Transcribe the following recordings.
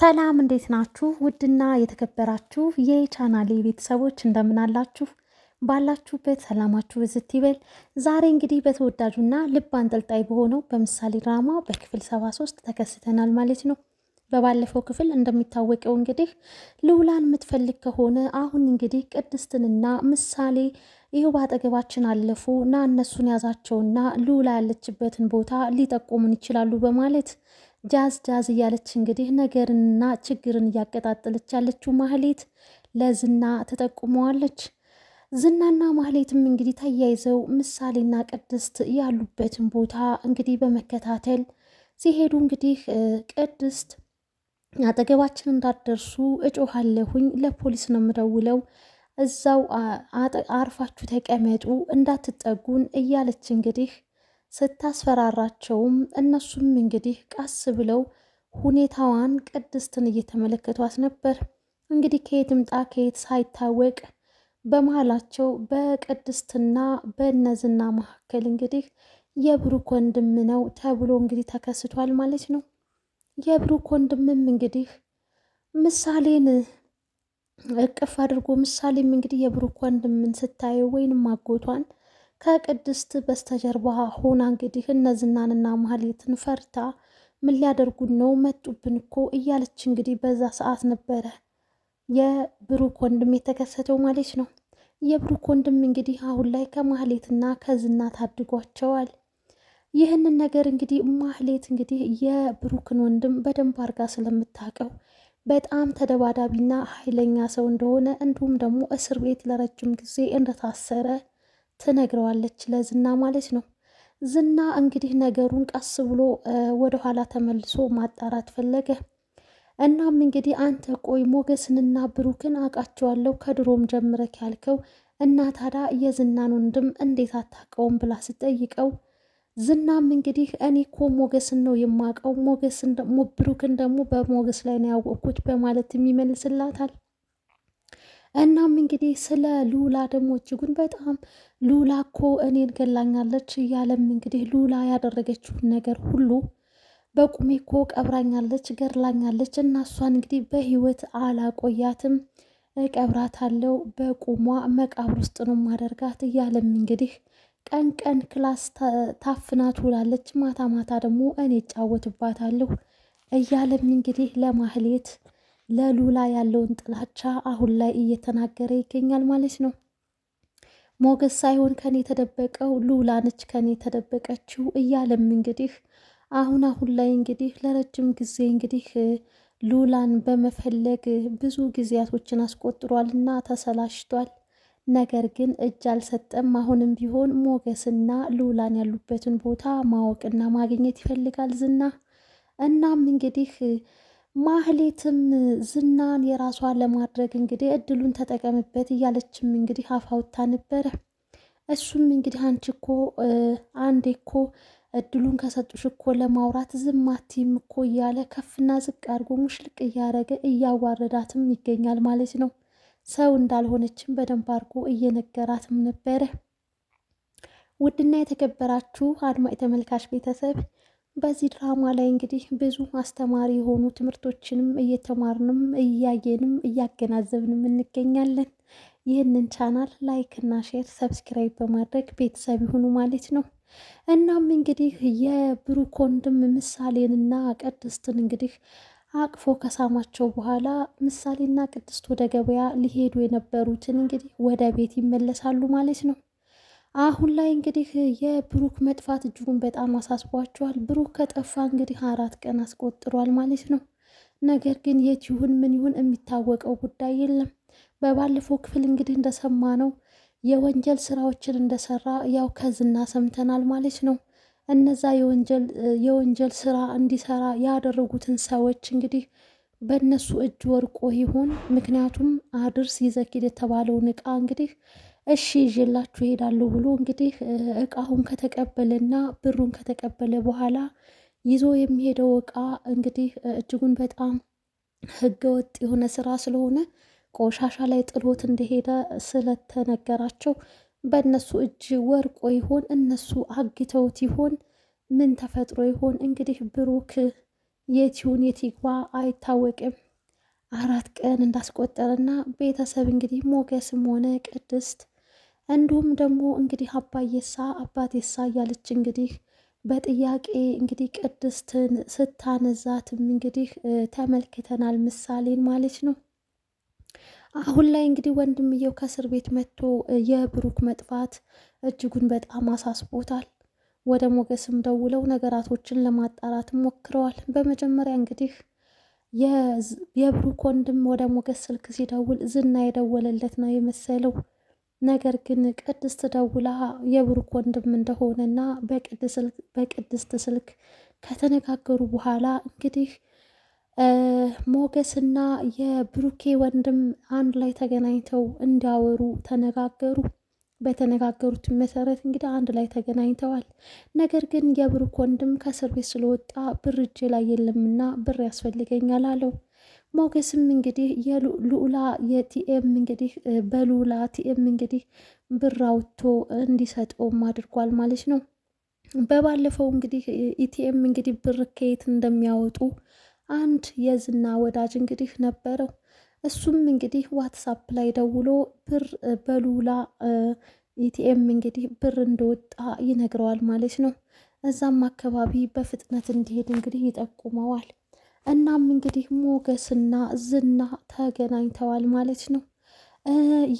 ሰላም እንዴት ናችሁ? ውድና የተከበራችሁ የቻናሌ ቤተሰቦች እንደምናላችሁ ባላችሁበት ሰላማችሁ ብዝት ይበል። ዛሬ እንግዲህ በተወዳጁና ልብ አንጠልጣይ በሆነው በምሳሌ ድራማ በክፍል 73 ተከስተናል ማለት ነው። በባለፈው ክፍል እንደሚታወቀው እንግዲህ ልውላን የምትፈልግ ከሆነ አሁን እንግዲህ ቅድስትንና ምሳሌ ይኸው በአጠገባችን አለፉ እና እነሱን ያዛቸውና ልውላ ያለችበትን ቦታ ሊጠቁሙን ይችላሉ በማለት ጃዝ ጃዝ እያለች እንግዲህ ነገርንና ችግርን እያቀጣጠለች ያለችው ማህሌት ለዝና ተጠቁመዋለች። ዝናና ማህሌትም እንግዲህ ተያይዘው ምሳሌና ቅድስት ያሉበትን ቦታ እንግዲህ በመከታተል ሲሄዱ እንግዲህ ቅድስት አጠገባችን እንዳትደርሱ እጮኋለሁኝ፣ ለፖሊስ ነው የምደውለው፣ እዛው አርፋችሁ ተቀመጡ፣ እንዳትጠጉን እያለች እንግዲህ ስታስፈራራቸውም እነሱም እንግዲህ ቀስ ብለው ሁኔታዋን ቅድስትን እየተመለከቷት ነበር። እንግዲህ ከየት ምጣ ከየት ሳይታወቅ በመሀላቸው በቅድስትና በነዝና መካከል እንግዲህ የብሩክ ወንድም ነው ተብሎ እንግዲህ ተከስቷል ማለት ነው። የብሩክ ወንድምም እንግዲህ ምሳሌን እቅፍ አድርጎ ምሳሌም እንግዲህ የብሩክ ወንድምን ስታየው ወይንም አጎቷን ከቅድስት በስተጀርባ ሆና እንግዲህ እነዝናንና ማህሌትን ፈርታ ምን ሊያደርጉን ነው መጡብን እኮ እያለች እንግዲህ በዛ ሰዓት ነበረ የብሩክ ወንድም የተከሰተው ማለት ነው። የብሩክ ወንድም እንግዲህ አሁን ላይ ከማህሌትና ከዝና ታድጓቸዋል። ይህንን ነገር እንግዲህ ማህሌት እንግዲህ የብሩክን ወንድም በደንብ አርጋ ስለምታውቀው በጣም ተደባዳቢና ኃይለኛ ሰው እንደሆነ እንዲሁም ደግሞ እስር ቤት ለረጅም ጊዜ እንደታሰረ ትነግረዋለች ለዝና ማለት ነው። ዝና እንግዲህ ነገሩን ቀስ ብሎ ወደኋላ ተመልሶ ማጣራት ፈለገ። እናም እንግዲህ አንተ ቆይ ሞገስንና ብሩክን አውቃቸዋለሁ ከድሮም ጀምረክ ያልከው እና ታዲያ የዝናን ወንድም እንዴት አታውቀውም ብላ ስጠይቀው ዝናም እንግዲህ እኔ እኮ ሞገስን ነው የማውቀው ሞገስን ብሩክን ደግሞ በሞገስ ላይ ነው ያወቅኩት በማለት ይመልስላታል። እናም እንግዲህ ስለ ሉላ ደግሞ እጅጉን በጣም ሉላ እኮ እኔን ገላኛለች እያለም እንግዲህ ሉላ ያደረገችውን ነገር ሁሉ በቁሜ እኮ ቀብራኛለች፣ ገድላኛለች እና እሷን እንግዲህ በህይወት አላቆያትም ቀብራታለው፣ በቁሟ መቃብር ውስጥ ነው ማደርጋት እያለም እንግዲህ ቀን ቀን ክላስ ታፍና ትውላለች፣ ማታ ማታ ደግሞ እኔ እጫወትባታለሁ እያለም እንግዲህ ለማህሌት ለሉላ ያለውን ጥላቻ አሁን ላይ እየተናገረ ይገኛል ማለት ነው። ሞገስ ሳይሆን ከኔ የተደበቀው ሉላ ነች ከኔ የተደበቀችው እያለም እንግዲህ አሁን አሁን ላይ እንግዲህ ለረጅም ጊዜ እንግዲህ ሉላን በመፈለግ ብዙ ጊዜያቶችን አስቆጥሯል እና ተሰላሽቷል። ነገር ግን እጅ አልሰጠም። አሁንም ቢሆን ሞገስና ሉላን ያሉበትን ቦታ ማወቅና ማግኘት ይፈልጋል ዝና እናም እንግዲህ ማህሌትም ዝናን የራሷ ለማድረግ እንግዲህ እድሉን ተጠቀምበት እያለችም እንግዲህ አፋውታ ነበረ። እሱም እንግዲህ አንቺ እኮ አንዴ እኮ እድሉን ከሰጡሽ እኮ ለማውራት ዝማቲም እኮ እያለ ከፍና ዝቅ አድርጎ ሙሽልቅ እያረገ እያዋረዳትም ይገኛል ማለት ነው። ሰው እንዳልሆነችም በደንብ አድርጎ እየነገራትም ነበረ። ውድና የተከበራችሁ አድማጭ ተመልካች ቤተሰብ በዚህ ድራማ ላይ እንግዲህ ብዙ አስተማሪ የሆኑ ትምህርቶችንም እየተማርንም እያየንም እያገናዘብንም እንገኛለን። ይህንን ቻናል ላይክ እና ሼር ሰብስክራይብ በማድረግ ቤተሰብ ይሁኑ ማለት ነው። እናም እንግዲህ የብሩክ ወንድም ምሳሌንና ቅድስትን እንግዲህ አቅፎ ከሳማቸው በኋላ ምሳሌና ቅድስት ወደ ገበያ ሊሄዱ የነበሩትን እንግዲህ ወደ ቤት ይመለሳሉ ማለት ነው። አሁን ላይ እንግዲህ የብሩክ መጥፋት እጅጉን በጣም አሳስቧቸዋል። ብሩክ ከጠፋ እንግዲህ አራት ቀን አስቆጥሯል ማለት ነው። ነገር ግን የት ይሁን ምን ይሁን የሚታወቀው ጉዳይ የለም። በባለፈው ክፍል እንግዲህ እንደሰማነው የወንጀል ስራዎችን እንደሰራ ያው ከዝና ሰምተናል ማለት ነው። እነዛ የወንጀል ስራ እንዲሰራ ያደረጉትን ሰዎች እንግዲህ በእነሱ እጅ ወርቆ ይሆን? ምክንያቱም አድርስ ይዘኪድ የተባለውን ዕቃ እንግዲህ እሺ ይዤላችሁ እሄዳለሁ ብሎ እንግዲህ እቃውን ከተቀበለና ብሩን ከተቀበለ በኋላ ይዞ የሚሄደው እቃ እንግዲህ እጅጉን በጣም ህገወጥ የሆነ ስራ ስለሆነ ቆሻሻ ላይ ጥሎት እንደሄደ ስለተነገራቸው በእነሱ እጅ ወርቆ ይሆን? እነሱ አግተውት ይሆን? ምን ተፈጥሮ ይሆን? እንግዲህ ብሩክ የቲውን የቲግባ አይታወቅም። አራት ቀን እንዳስቆጠረና ቤተሰብ እንግዲህ ሞገስም ሆነ ቅድስት እንዲሁም ደግሞ እንግዲህ አባዬሳ አባቴሳ እያለች እንግዲህ በጥያቄ እንግዲህ ቅድስትን ስታነዛትም እንግዲህ ተመልክተናል፣ ምሳሌን ማለት ነው። አሁን ላይ እንግዲህ ወንድምየው ከእስር ቤት መጥቶ የብሩክ መጥፋት እጅጉን በጣም አሳስቦታል። ወደ ሞገስም ደውለው ነገራቶችን ለማጣራት ሞክረዋል። በመጀመሪያ እንግዲህ የብሩክ ወንድም ወደ ሞገስ ስልክ ሲደውል ዝና የደወለለት ነው የመሰለው። ነገር ግን ቅድስት ደውላ የብሩክ ወንድም እንደሆነና በቅድስት ስልክ ከተነጋገሩ በኋላ እንግዲህ ሞገስና የብሩኬ ወንድም አንድ ላይ ተገናኝተው እንዲያወሩ ተነጋገሩ። በተነጋገሩት መሰረት እንግዲህ አንድ ላይ ተገናኝተዋል። ነገር ግን የብሩክ ወንድም ከእስር ቤት ስለወጣ ብር እጄ ላይ የለምና ብር ያስፈልገኛል አለው። ሞገስም እንግዲህ የሉላ የቲኤም እንግዲህ በሉላ ቲኤም እንግዲህ ብር አውጥቶ እንዲሰጠውም አድርጓል ማለት ነው። በባለፈው እንግዲህ ኢቲኤም እንግዲህ ብር ከየት እንደሚያወጡ አንድ የዝና ወዳጅ እንግዲህ ነበረው። እሱም እንግዲህ ዋትሳፕ ላይ ደውሎ ብር በሉላ ኢቲኤም እንግዲህ ብር እንደወጣ ይነግረዋል ማለት ነው። እዛም አካባቢ በፍጥነት እንዲሄድ እንግዲህ ይጠቁመዋል። እናም እንግዲህ ሞገስና ዝና ተገናኝተዋል ማለት ነው።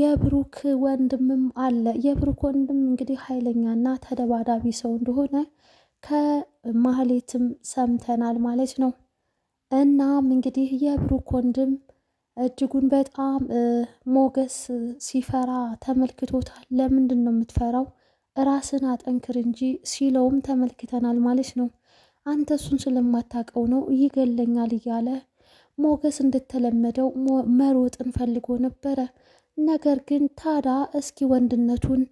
የብሩክ ወንድምም አለ። የብሩክ ወንድም እንግዲህ ኃይለኛና ተደባዳቢ ሰው እንደሆነ ከማህሌትም ሰምተናል ማለት ነው። እናም እንግዲህ የብሩክ ወንድም እጅጉን በጣም ሞገስ ሲፈራ ተመልክቶታል። ለምንድን ነው የምትፈራው? ራስን አጠንክር እንጂ ሲለውም ተመልክተናል ማለት ነው። አንተ እሱን ስለማታውቀው ነው ይገለኛል እያለ ሞገስ እንደተለመደው መሮጥን ፈልጎ ነበረ። ነገር ግን ታዳ እስኪ ወንድነቱን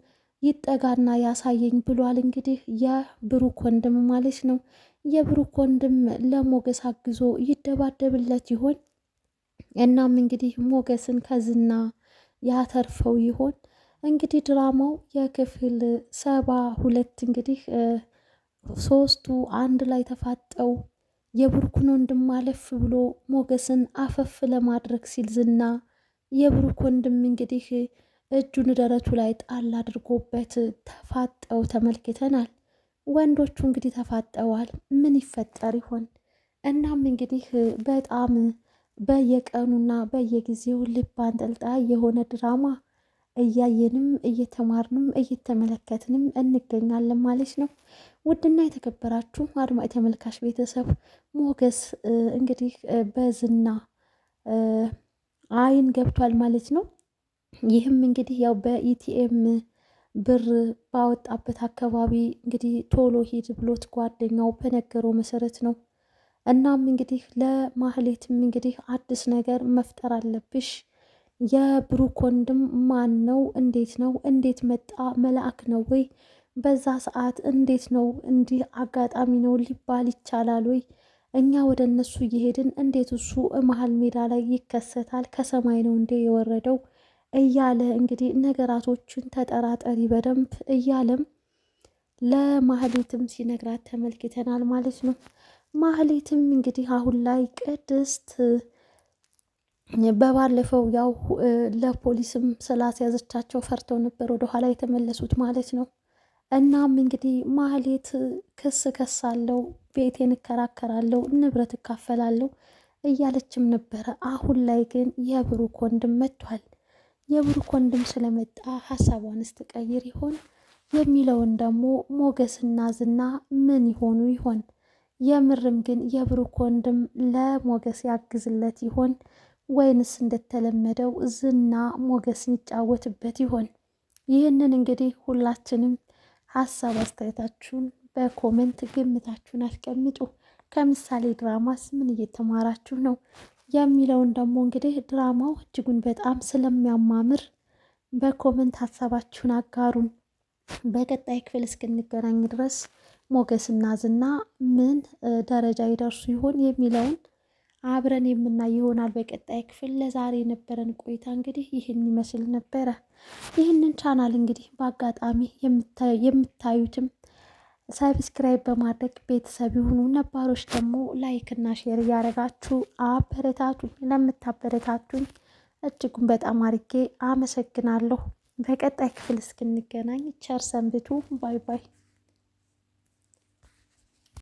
ይጠጋና ያሳየኝ ብሏል። እንግዲህ የብሩክ ወንድም ማለት ነው። የብሩክ ወንድም ለሞገስ አግዞ ይደባደብለት ይሆን? እናም እንግዲህ ሞገስን ከዝና ያተርፈው ይሆን? እንግዲህ ድራማው የክፍል ሰባ ሁለት እንግዲህ ሶስቱ አንድ ላይ ተፋጠው የብሩክን ወንድም አለፍ ብሎ ሞገስን አፈፍ ለማድረግ ሲል ዝና የብሩክ ወንድም እንግዲህ እጁን ደረቱ ላይ ጣል አድርጎበት ተፋጠው ተመልክተናል። ወንዶቹ እንግዲህ ተፋጠዋል። ምን ይፈጠር ይሆን? እናም እንግዲህ በጣም በየቀኑና በየጊዜው ልብ አንጠልጣይ የሆነ ድራማ እያየንም እየተማርንም እየተመለከትንም እንገኛለን ማለት ነው። ውድና የተከበራችሁ አድማጭ ተመልካች ቤተሰብ ሞገስ እንግዲህ በዝና አይን ገብቷል ማለት ነው። ይህም እንግዲህ ያው በኢቲኤም ብር ባወጣበት አካባቢ እንግዲህ ቶሎ ሂድ ብሎት ጓደኛው በነገረው መሰረት ነው። እናም እንግዲህ ለማህሌትም እንግዲህ አዲስ ነገር መፍጠር አለብሽ የብሩክ ወንድም ማን ነው? እንዴት ነው? እንዴት መጣ? መልአክ ነው ወይ? በዛ ሰዓት እንዴት ነው እንዲህ አጋጣሚ ነው ሊባል ይቻላል ወይ? እኛ ወደ እነሱ እየሄድን እንዴት እሱ መሀል ሜዳ ላይ ይከሰታል? ከሰማይ ነው እንዴ የወረደው? እያለ እንግዲህ ነገራቶችን ተጠራጠሪ በደንብ እያለም ለማህሌትም ሲነግራት ተመልክተናል ማለት ነው። ማህሌትም እንግዲህ አሁን ላይ ቅድስት በባለፈው ያው ለፖሊስም ስላስያዘቻቸው ፈርተው ነበር ወደኋላ የተመለሱት ማለት ነው። እናም እንግዲህ ማህሌት ክስ ከሳለው፣ ቤቴን እከራከራለሁ፣ ንብረት እካፈላለው እያለችም ነበረ። አሁን ላይ ግን የብሩክ ወንድም መጥቷል። የብሩክ ወንድም ስለመጣ ሀሳቧን ስትቀይር ይሆን የሚለውን ደግሞ ሞገስና ዝና ምን ይሆኑ ይሆን? የምርም ግን የብሩክ ወንድም ለሞገስ ያግዝለት ይሆን? ወይንስ እንደተለመደው ዝና ሞገስን ይጫወትበት ይሆን? ይህንን እንግዲህ ሁላችንም ሀሳብ አስተያየታችሁን በኮመንት ግምታችሁን አስቀምጡ። ከምሳሌ ድራማስ ምን እየተማራችሁ ነው የሚለውን ደግሞ እንግዲህ ድራማው እጅጉን በጣም ስለሚያማምር በኮመንት ሀሳባችሁን አጋሩን። በቀጣይ ክፍል እስክንገናኝ ድረስ ሞገስና ዝና ምን ደረጃ ይደርሱ ይሆን የሚለውን አብረን የምናይ ይሆናል በቀጣይ ክፍል። ለዛሬ የነበረን ቆይታ እንግዲህ ይህን ይመስል ነበረ። ይህንን ቻናል እንግዲህ በአጋጣሚ የምታዩትም ሰብስክራይብ በማድረግ ቤተሰብ የሆኑ ነባሮች ደግሞ ላይክ እና ሼር እያደረጋችሁ አበረታቱኝ። ለምታበረታቱኝ እጅጉን በጣም አድርጌ አመሰግናለሁ። በቀጣይ ክፍል እስክንገናኝ ቸር ሰንብቱ። ባይ ባይ።